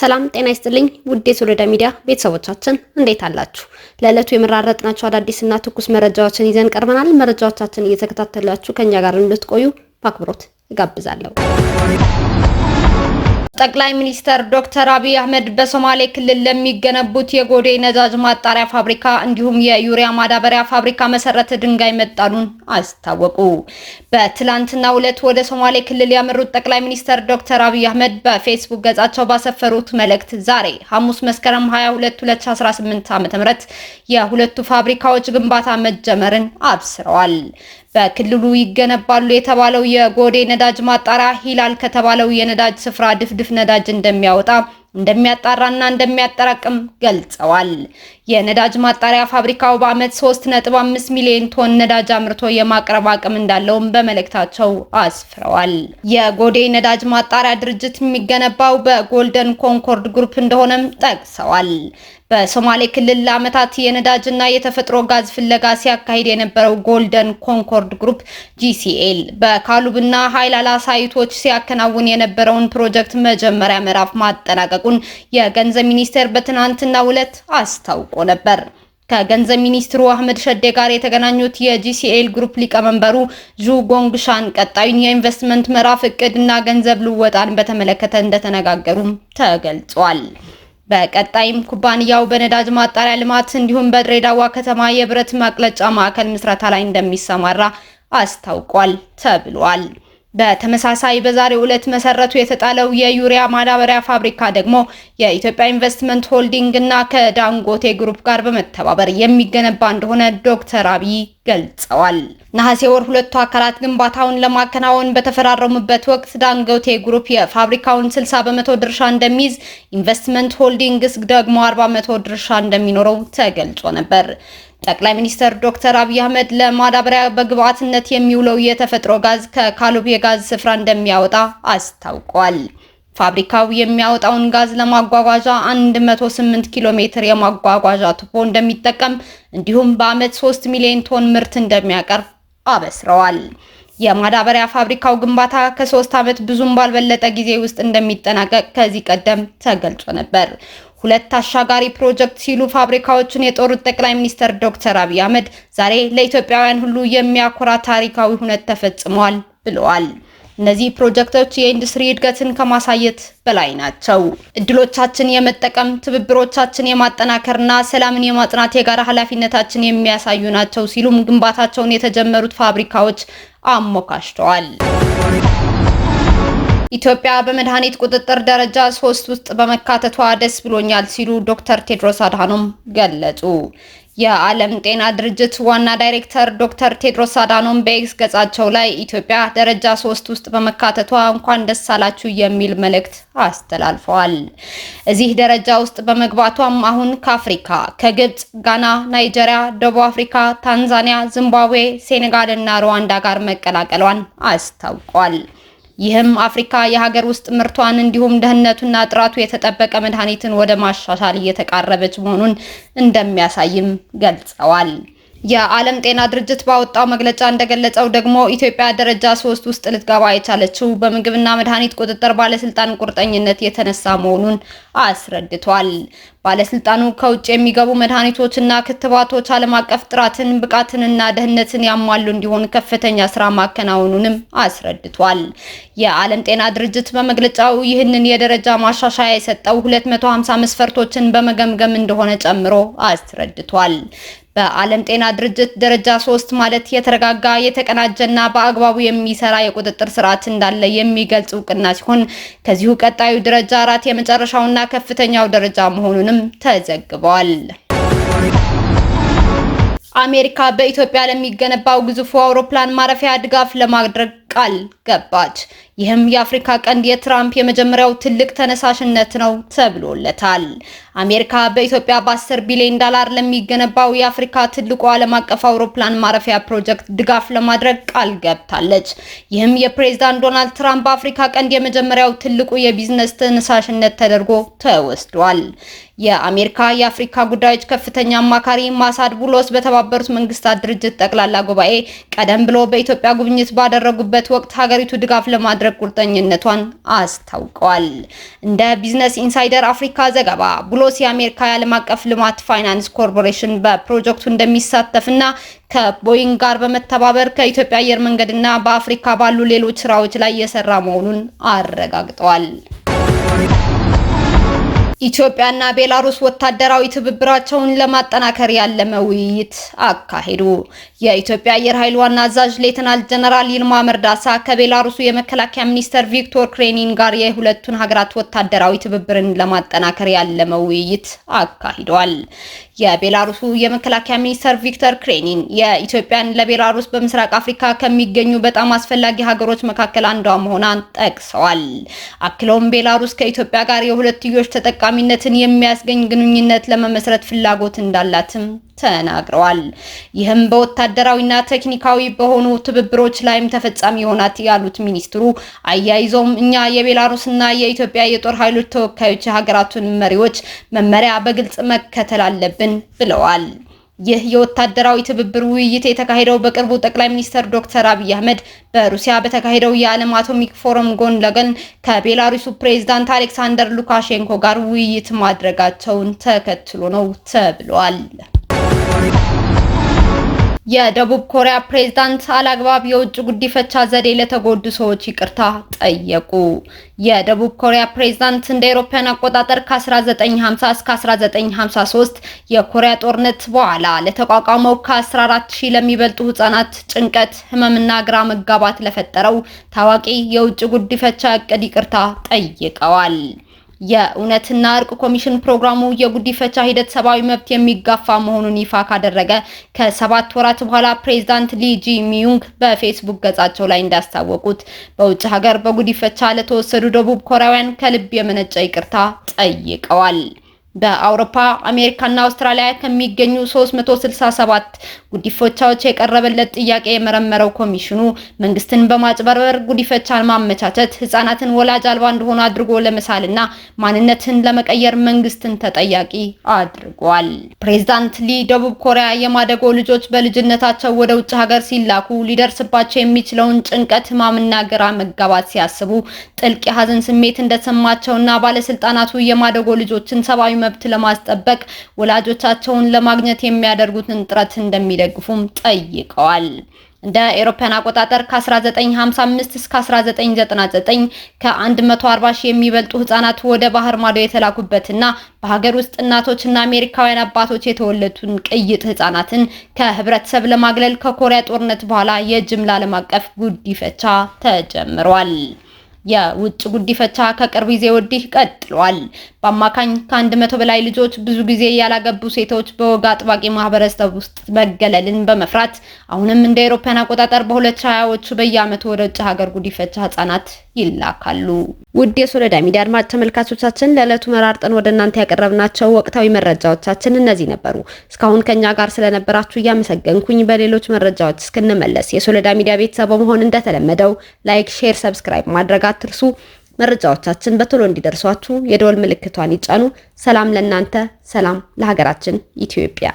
ሰላም ጤና ይስጥልኝ ውዴ ሶሎዳ ሚዲያ ቤተሰቦቻችን እንዴት አላችሁ? ለዕለቱ የመራረጥናቸው አዳዲስና ትኩስ መረጃዎችን ይዘን ቀርበናል። መረጃዎቻችን እየተከታተላችሁ ከኛ ጋር እንድትቆዩ በአክብሮት እጋብዛለሁ። ጠቅላይ ሚኒስተር ዶክተር አብይ አህመድ በሶማሌ ክልል ለሚገነቡት የጎዴ ነዳጅ ማጣሪያ ፋብሪካ እንዲሁም የዩሪያ ማዳበሪያ ፋብሪካ መሰረተ ድንጋይ መጣሉን አስታወቁ። በትላንትና ዕለት ወደ ሶማሌ ክልል ያመሩት ጠቅላይ ሚኒስተር ዶክተር አብይ አህመድ በፌስቡክ ገጻቸው ባሰፈሩት መልእክት ዛሬ ሐሙስ መስከረም 22 2018 ዓ.ም የሁለቱ ፋብሪካዎች ግንባታ መጀመርን አብስረዋል። በክልሉ ይገነባሉ የተባለው የጎዴ ነዳጅ ማጣሪያ ሂላል ከተባለው የነዳጅ ስፍራ ድፍ ድፍ ነዳጅ እንደሚያወጣ እንደሚያጣራና እንደሚያጠራቅም ገልጸዋል። የነዳጅ ማጣሪያ ፋብሪካው በዓመት 3.5 ሚሊዮን ቶን ነዳጅ አምርቶ የማቅረብ አቅም እንዳለውም በመልእክታቸው አስፍረዋል። የጎዴ ነዳጅ ማጣሪያ ድርጅት የሚገነባው በጎልደን ኮንኮርድ ግሩፕ እንደሆነም ጠቅሰዋል። በሶማሌ ክልል ለዓመታት የነዳጅና የተፈጥሮ ጋዝ ፍለጋ ሲያካሂድ የነበረው ጎልደን ኮንኮርድ ግሩፕ ጂሲኤል በካሉብና ሀይላላ ሳይቶች ሲያከናውን የነበረውን ፕሮጀክት መጀመሪያ ምዕራፍ ማጠናቀቁን የገንዘብ ሚኒስቴር በትናንትናው ዕለት አስታውቆ ነበር። ከገንዘብ ሚኒስትሩ አህመድ ሸዴ ጋር የተገናኙት የጂሲኤል ግሩፕ ሊቀመንበሩ ዡ ጎንግሻን ቀጣዩን የኢንቨስትመንት ምዕራፍ እቅድና ገንዘብ ልወጣን በተመለከተ እንደተነጋገሩም ተገልጿል። በቀጣይም ኩባንያው በነዳጅ ማጣሪያ ልማት እንዲሁም በድሬዳዋ ከተማ የብረት ማቅለጫ ማዕከል ምስረታ ላይ እንደሚሰማራ አስታውቋል ተብሏል። በተመሳሳይ በዛሬው ዕለት መሰረቱ የተጣለው የዩሪያ ማዳበሪያ ፋብሪካ ደግሞ የኢትዮጵያ ኢንቨስትመንት ሆልዲንግ እና ከዳንጎቴ ግሩፕ ጋር በመተባበር የሚገነባ እንደሆነ ዶክተር አብይ ገልጸዋል። ነሐሴ ወር ሁለቱ አካላት ግንባታውን ለማከናወን በተፈራረሙበት ወቅት ዳንጎቴ ግሩፕ የፋብሪካውን 60 በመቶ ድርሻ እንደሚይዝ፣ ኢንቨስትመንት ሆልዲንግስ ደግሞ 40 በመቶ ድርሻ እንደሚኖረው ተገልጾ ነበር። ጠቅላይ ሚኒስትር ዶክተር አብይ አህመድ ለማዳበሪያ በግብዓትነት የሚውለው የተፈጥሮ ጋዝ ከካሉብ የጋዝ ስፍራ እንደሚያወጣ አስታውቋል። ፋብሪካው የሚያወጣውን ጋዝ ለማጓጓዣ 108 ኪሎ ሜትር የማጓጓዣ ቱቦ እንደሚጠቀም እንዲሁም በዓመት 3 ሚሊዮን ቶን ምርት እንደሚያቀርብ አበስረዋል። የማዳበሪያ ፋብሪካው ግንባታ ከሶስት ዓመት ብዙም ባልበለጠ ጊዜ ውስጥ እንደሚጠናቀቅ ከዚህ ቀደም ተገልጾ ነበር። ሁለት አሻጋሪ ፕሮጀክት ሲሉ ፋብሪካዎቹን የጦሩት ጠቅላይ ሚኒስትር ዶክተር አብይ አህመድ ዛሬ ለኢትዮጵያውያን ሁሉ የሚያኮራ ታሪካዊ ሁነት ተፈጽመዋል ብለዋል። እነዚህ ፕሮጀክቶች የኢንዱስትሪ እድገትን ከማሳየት በላይ ናቸው። እድሎቻችን የመጠቀም ትብብሮቻችን የማጠናከርና ሰላምን የማጽናት የጋራ ኃላፊነታችን የሚያሳዩ ናቸው ሲሉም ግንባታቸውን የተጀመሩት ፋብሪካዎች አሞካሽተዋል። ኢትዮጵያ በመድኃኒት ቁጥጥር ደረጃ ሶስት ውስጥ በመካተቷ ደስ ብሎኛል ሲሉ ዶክተር ቴድሮስ አድሃኖም ገለጹ። የዓለም ጤና ድርጅት ዋና ዳይሬክተር ዶክተር ቴድሮስ አዳኖም በኤክስ ገጻቸው ላይ ኢትዮጵያ ደረጃ ሶስት ውስጥ በመካተቷ እንኳን ደስ አላችሁ የሚል መልእክት አስተላልፈዋል። እዚህ ደረጃ ውስጥ በመግባቷም አሁን ከአፍሪካ ከግብፅ፣ ጋና፣ ናይጀሪያ፣ ደቡብ አፍሪካ፣ ታንዛኒያ፣ ዚምባብዌ፣ ሴኔጋል እና ሩዋንዳ ጋር መቀላቀሏን አስታውቋል። ይህም አፍሪካ የሀገር ውስጥ ምርቷን እንዲሁም ደህንነቱና ጥራቱ የተጠበቀ መድኃኒትን ወደ ማሻሻል እየተቃረበች መሆኑን እንደሚያሳይም ገልጸዋል። የዓለም ጤና ድርጅት ባወጣው መግለጫ እንደገለጸው ደግሞ ኢትዮጵያ ደረጃ ሶስት ውስጥ ልትገባ የቻለችው በምግብና መድኃኒት ቁጥጥር ባለስልጣን ቁርጠኝነት የተነሳ መሆኑን አስረድቷል። ባለስልጣኑ ከውጭ የሚገቡ መድኃኒቶችና ክትባቶች ዓለም አቀፍ ጥራትን፣ ብቃትንና ደህንነትን ያሟሉ እንዲሆን ከፍተኛ ስራ ማከናወኑንም አስረድቷል። የዓለም ጤና ድርጅት በመግለጫው ይህንን የደረጃ ማሻሻያ የሰጠው 250 መስፈርቶችን በመገምገም እንደሆነ ጨምሮ አስረድቷል። በዓለም ጤና ድርጅት ደረጃ ሶስት ማለት የተረጋጋ የተቀናጀና በአግባቡ የሚሰራ የቁጥጥር ስርዓት እንዳለ የሚገልጽ እውቅና ሲሆን ከዚሁ ቀጣዩ ደረጃ አራት የመጨረሻውና ከፍተኛው ደረጃ መሆኑንም ተዘግቧል። አሜሪካ በኢትዮጵያ ለሚገነባው ግዙፉ አውሮፕላን ማረፊያ ድጋፍ ለማድረግ ቃል ገባች። ይህም የአፍሪካ ቀንድ የትራምፕ የመጀመሪያው ትልቅ ተነሳሽነት ነው ተብሎለታል። አሜሪካ በኢትዮጵያ በ10 ቢሊዮን ዶላር ለሚገነባው የአፍሪካ ትልቁ ዓለም አቀፍ አውሮፕላን ማረፊያ ፕሮጀክት ድጋፍ ለማድረግ ቃል ገብታለች። ይህም የፕሬዝዳንት ዶናልድ ትራምፕ በአፍሪካ ቀንድ የመጀመሪያው ትልቁ የቢዝነስ ተነሳሽነት ተደርጎ ተወስዷል። የአሜሪካ የአፍሪካ ጉዳዮች ከፍተኛ አማካሪ ማሳድ ቡሎስ በተባበሩት መንግስታት ድርጅት ጠቅላላ ጉባኤ ቀደም ብሎ በኢትዮጵያ ጉብኝት ባደረጉበት ወቅት ሀገሪቱ ድጋፍ ለማድረግ ቁርጠኝነቷን አስታውቀዋል። እንደ ቢዝነስ ኢንሳይደር አፍሪካ ዘገባ ብሎስ የአሜሪካ የዓለም አቀፍ ልማት ፋይናንስ ኮርፖሬሽን በፕሮጀክቱ እንደሚሳተፍና ከቦይንግ ጋር በመተባበር ከኢትዮጵያ አየር መንገድና በአፍሪካ ባሉ ሌሎች ስራዎች ላይ የሰራ መሆኑን አረጋግጠዋል። ኢትዮጵያና ቤላሩስ ወታደራዊ ትብብራቸውን ለማጠናከር ያለመ ውይይት አካሄዱ። የኢትዮጵያ አየር ኃይል ዋና አዛዥ ሌተናል ጀነራል ይልማ መርዳሳ ከቤላሩሱ የመከላከያ ሚኒስተር ቪክቶር ክሬኒን ጋር የሁለቱን ሀገራት ወታደራዊ ትብብርን ለማጠናከር ያለመ ውይይት አካሂደዋል። የቤላሩሱ የመከላከያ ሚኒስተር ቪክተር ክሬኒን የኢትዮጵያን ለቤላሩስ በምስራቅ አፍሪካ ከሚገኙ በጣም አስፈላጊ ሀገሮች መካከል አንዷ መሆኗን ጠቅሰዋል። አክለውም ቤላሩስ ከኢትዮጵያ ጋር የሁለትዮሽ ተጠቃ ተጠቃሚነትን የሚያስገኝ ግንኙነት ለመመስረት ፍላጎት እንዳላትም ተናግረዋል። ይህም በወታደራዊና ቴክኒካዊ በሆኑ ትብብሮች ላይም ተፈጻሚ ሆናት ያሉት ሚኒስትሩ አያይዘውም እኛ የቤላሩስና የኢትዮጵያ የጦር ኃይሎች ተወካዮች የሀገራቱን መሪዎች መመሪያ በግልጽ መከተል አለብን ብለዋል። ይህ የወታደራዊ ትብብር ውይይት የተካሄደው በቅርቡ ጠቅላይ ሚኒስትር ዶክተር አብይ አህመድ በሩሲያ በተካሄደው የዓለም አቶሚክ ፎረም ጎን ለጎን ከቤላሩሱ ፕሬዝዳንት አሌክሳንደር ሉካሼንኮ ጋር ውይይት ማድረጋቸውን ተከትሎ ነው ተብሏል። የደቡብ ኮሪያ ፕሬዝዳንት አላግባብ የውጭ ጉዲፈቻ ዘዴ ለተጎዱ ሰዎች ይቅርታ ጠየቁ። የደቡብ ኮሪያ ፕሬዝዳንት እንደ አውሮፓውያን አቆጣጠር ከ1950 እስከ 1953 የኮሪያ ጦርነት በኋላ ለተቋቋመው ከ14000 ለሚበልጡ ህጻናት ጭንቀት፣ ህመምና ግራ መጋባት ለፈጠረው ታዋቂ የውጭ ጉዲፈቻ እቅድ ይቅርታ ጠይቀዋል። የእውነትና እርቅ ኮሚሽን ፕሮግራሙ የጉዲፈቻ ሂደት ሰብአዊ መብት የሚጋፋ መሆኑን ይፋ ካደረገ ከሰባት ወራት በኋላ ፕሬዚዳንት ሊጂ ሚዩንግ በፌስቡክ ገጻቸው ላይ እንዳስታወቁት በውጭ ሀገር በጉዲፈቻ ለተወሰዱ ደቡብ ኮሪያውያን ከልብ የመነጨ ይቅርታ ጠይቀዋል። በአውሮፓ አሜሪካና አውስትራሊያ ከሚገኙ 367 ጉዲፈቻዎች የቀረበለት ጥያቄ የመረመረው ኮሚሽኑ መንግስትን በማጭበርበር ጉዲፈቻን ማመቻቸት ህጻናትን ወላጅ አልባ እንደሆኑ አድርጎ ለመሳልና ማንነትን ለመቀየር መንግስትን ተጠያቂ አድርጓል። ፕሬዚዳንት ሊ ደቡብ ኮሪያ የማደጎ ልጆች በልጅነታቸው ወደ ውጭ ሀገር ሲላኩ ሊደርስባቸው የሚችለውን ጭንቀት፣ ህማምና ግራ መጋባት ሲያስቡ ጥልቅ የሀዘን ስሜት እንደተሰማቸውና ባለስልጣናቱ የማደጎ ልጆችን ሰብአዊ መብት ለማስጠበቅ ወላጆቻቸውን ለማግኘት የሚያደርጉትን ጥረት እንደሚደግፉም ጠይቀዋል። እንደ አውሮፓውያን አቆጣጠር ከ1955 እስከ 1999 ከ140 ሺህ የሚበልጡ ህጻናት ወደ ባህር ማዶ የተላኩበትና በሀገር ውስጥ እናቶችና አሜሪካውያን አባቶች የተወለዱን ቅይጥ ህጻናትን ከህብረተሰብ ለማግለል ከኮሪያ ጦርነት በኋላ የጅምላ ዓለም አቀፍ ጉዲፈቻ ተጀምሯል። የውጭ ጉዲፈቻ ከቅርብ ጊዜ ወዲህ ቀጥሏል። በአማካኝ ከአንድ መቶ በላይ ልጆች ብዙ ጊዜ ያላገቡ ሴቶች በወግ አጥባቂ ማህበረሰብ ውስጥ መገለልን በመፍራት አሁንም እንደ አውሮፓውያን አቆጣጠር በሁለት ሀያዎቹ በየአመቱ ወደ ውጭ ሀገር ጉዲፈቻ ህጻናት ይላካሉ። ውድ የሶለዳ ሚዲያ አድማጭ ተመልካቾቻችን ለዕለቱ መራርጠን ወደ እናንተ ያቀረብናቸው ወቅታዊ መረጃዎቻችን እነዚህ ነበሩ። እስካሁን ከኛ ጋር ስለነበራችሁ እያመሰገንኩኝ በሌሎች መረጃዎች እስክንመለስ የሶለዳ ሚዲያ ቤተሰብ መሆን እንደተለመደው ላይክ፣ ሼር፣ ሰብስክራይብ ማድረጋት አትርሱ። መረጃዎቻችን በቶሎ እንዲደርሷችሁ የደወል ምልክቷን ይጫኑ። ሰላም ለእናንተ፣ ሰላም ለሀገራችን ኢትዮጵያ።